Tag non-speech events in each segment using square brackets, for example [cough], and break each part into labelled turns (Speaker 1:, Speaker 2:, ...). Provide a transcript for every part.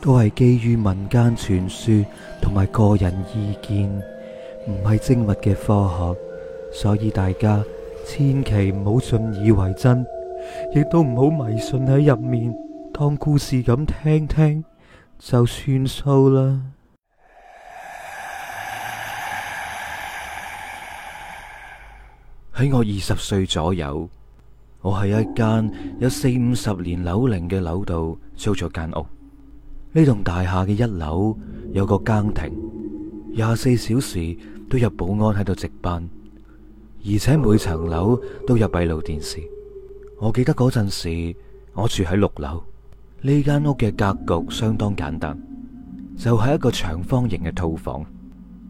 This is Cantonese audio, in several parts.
Speaker 1: 都係基於民間傳說同埋個人意見，唔係精密嘅科學，所以大家千祈唔好信以為真，亦都唔好迷信喺入面當故事咁聽聽，就算數啦。喺 [noise] 我二十歲左右，我喺一間有四五十年樓齡嘅樓度租咗間屋。呢棟大廈嘅一樓有個更亭，廿四小時都有保安喺度值班，而且每層樓都有閉路電視。我記得嗰陣時，我住喺六樓，呢間屋嘅格局相當簡單，就係一個長方形嘅套房。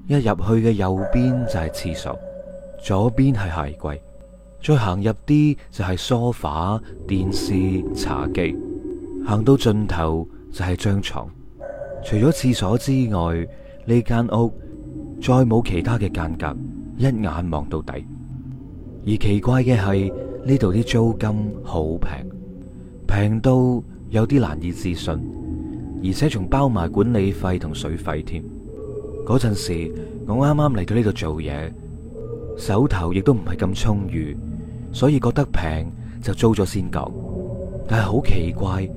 Speaker 1: 一入去嘅右邊就係廁所，左邊係鞋櫃，再行入啲就係梳化、電視、茶幾，行到盡頭。就係張床，除咗廁所之外，呢間屋再冇其他嘅間隔，一眼望到底。而奇怪嘅係呢度啲租金好平，平到有啲難以置信，而且仲包埋管理費同水費添。嗰陣時我啱啱嚟到呢度做嘢，手頭亦都唔係咁充裕，所以覺得平就租咗先講。但係好奇怪。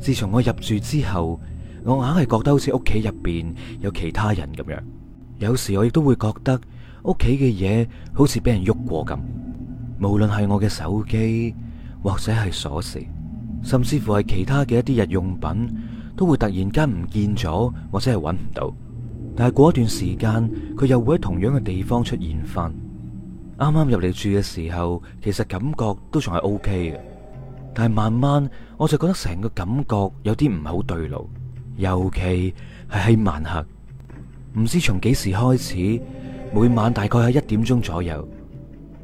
Speaker 1: 自從我入住之後，我硬係覺得好似屋企入邊有其他人咁樣。有時我亦都會覺得屋企嘅嘢好似俾人喐過咁。無論係我嘅手機或者係鎖匙，甚至乎係其他嘅一啲日用品，都會突然間唔見咗或者係揾唔到。但係過一段時間，佢又會喺同樣嘅地方出現翻。啱啱入嚟住嘅時候，其實感覺都仲係 OK 嘅。但係慢慢，我就覺得成個感覺有啲唔係好對路，尤其係喺晚黑。唔知從幾時開始，每晚大概喺一點鐘左右，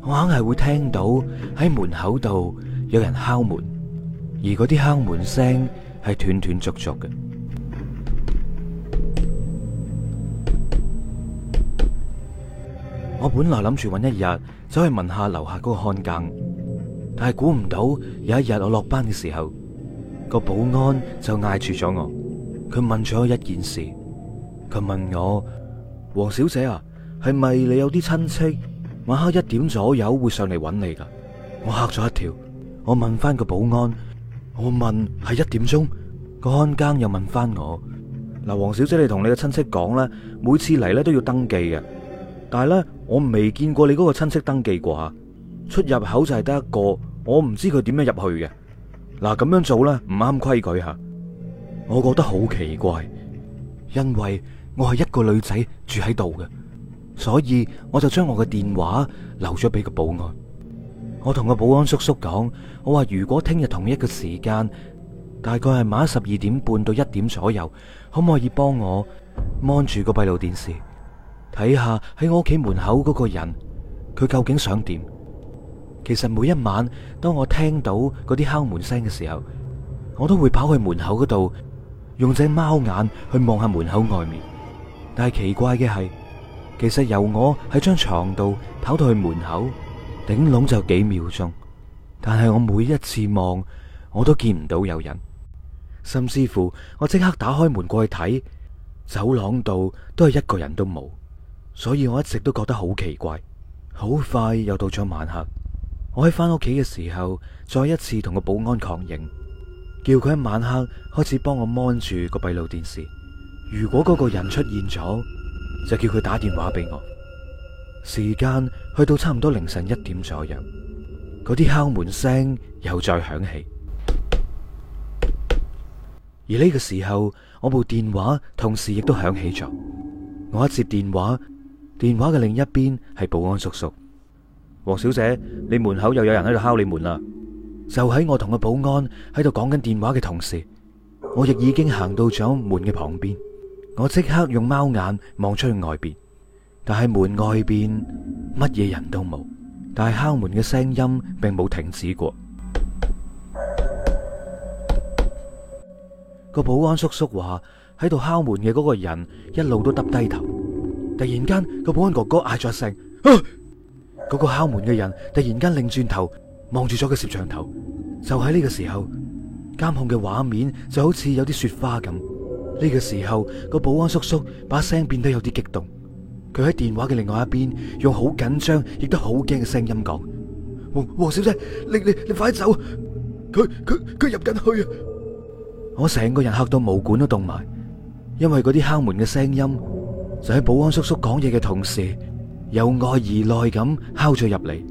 Speaker 1: 我硬係會聽到喺門口度有人敲門，而嗰啲敲門聲係斷斷續續嘅。我本來諗住揾一日走去問下樓下嗰個看更。但係估唔到有一日我落班嘅時候，個保安就嗌住咗我，佢問咗我一件事，佢問我：黃小姐啊，係咪你有啲親戚晚黑一點左右會上嚟揾你噶？我吓咗一跳。我問翻個保安，我問係一點鐘，個看更又問翻我：嗱，黃小姐你同你嘅親戚講啦，每次嚟咧都要登記嘅，但係咧我未見過你嗰個親戚登記過啊。出入口就係得一個，我唔知佢點樣入去嘅。嗱，咁樣做咧唔啱規矩吓，我覺得好奇怪，因為我係一個女仔住喺度嘅，所以我就將我嘅電話留咗俾個保安。我同個保安叔叔講，我話如果聽日同一個時間，大概係晚十二點半到一點左右，可唔可以幫我望住個閉路電視，睇下喺我屋企門口嗰個人，佢究竟想點？其實每一晚，當我聽到嗰啲敲門聲嘅時候，我都會跑去門口嗰度，用隻貓眼去望下門口外面。但係奇怪嘅係，其實由我喺張床度跑到去門口，頂籠就幾秒鐘。但係我每一次望，我都見唔到有人。甚至乎我即刻打開門過去睇，走廊度都係一個人都冇，所以我一直都覺得好奇怪。好快又到咗晚黑。我喺翻屋企嘅時候，再一次同個保安確認，叫佢喺晚黑開始幫我 mon 住個閉路電視。如果嗰個人出現咗，就叫佢打電話俾我。時間去到差唔多凌晨一點左右，嗰啲敲門聲又再響起。而呢個時候，我部電話同時亦都響起咗。我一接電話，電話嘅另一邊係保安叔叔。黃小姐，你門口又有人喺度敲你門啦！就喺我同個保安喺度講緊電話嘅同時，我亦已經行到咗門嘅旁邊。我即刻用貓眼望出去外邊，但係門外邊乜嘢人都冇，但係敲門嘅聲音並冇停止過。個保安叔叔話喺度敲門嘅嗰個人一路都耷低頭。突然間，個保安哥哥嗌咗一聲啊！嗰個敲門嘅人突然間擰轉頭望住咗個攝像頭，就喺呢個時候，監控嘅畫面就好似有啲雪花咁。呢個時候，個保安叔叔把聲變得有啲激動，佢喺電話嘅另外一邊用好緊張亦都好驚嘅聲音講：黃黃小姐，你你你快走，佢佢佢入緊去啊！我成個人吓到毛管都凍埋，因為嗰啲敲門嘅聲音就喺保安叔叔講嘢嘅同時。由外而內咁敲咗入嚟，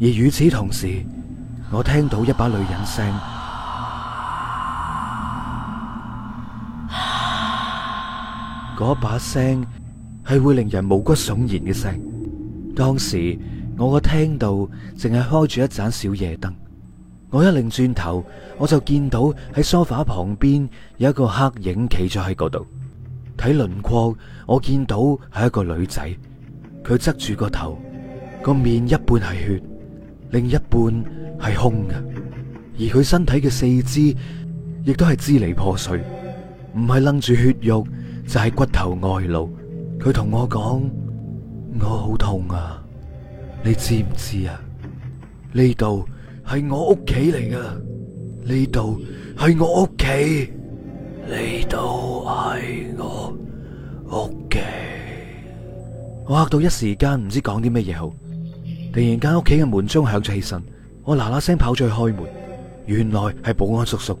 Speaker 1: 而與此同時，我聽到一把女人聲，嗰把聲係會令人毛骨悚然嘅聲。當時我個廳度淨係開住一盞小夜燈。我一擰轉頭，我就見到喺梳化旁邊有一個黑影企咗喺嗰度。睇輪廓，我見到係一個女仔。佢側住個頭，個面一半係血，另一半係空嘅。而佢身體嘅四肢亦都係支離破碎，唔係楞住血肉，就係骨頭外露。佢同我講：我好痛啊！你知唔知啊？呢度，係我屋企嚟噶，呢度係我屋企，呢度係我屋企。我吓到一時間唔知講啲乜嘢好，突然間屋企嘅門鐘響咗起身，我嗱嗱聲跑出去開門，原來係保安叔叔。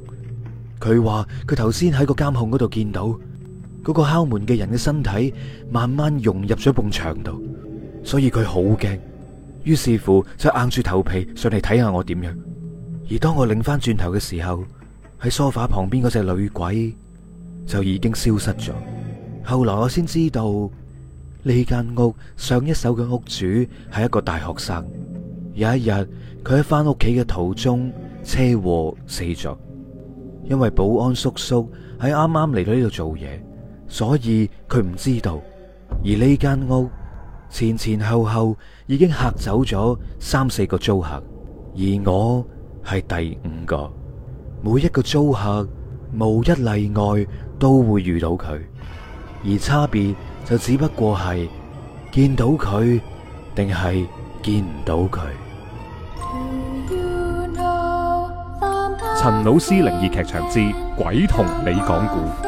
Speaker 1: 佢話佢頭先喺個監控嗰度見到嗰個敲門嘅人嘅身體慢慢融入咗埲牆度，所以佢好驚。於是乎，就硬住頭皮上嚟睇下我點樣。而當我擰翻轉頭嘅時候，喺梳化旁邊嗰隻女鬼就已經消失咗。後來我先知道呢間屋上一手嘅屋主係一個大學生。有一日，佢喺翻屋企嘅途中車禍死咗。因為保安叔叔喺啱啱嚟到呢度做嘢，所以佢唔知道。而呢間屋。前前後後已經嚇走咗三四個租客，而我係第五個。每一個租客無一例外都會遇到佢，而差別就只不過係見到佢定係見唔到佢。陳老師靈異劇場之「鬼同你講故」。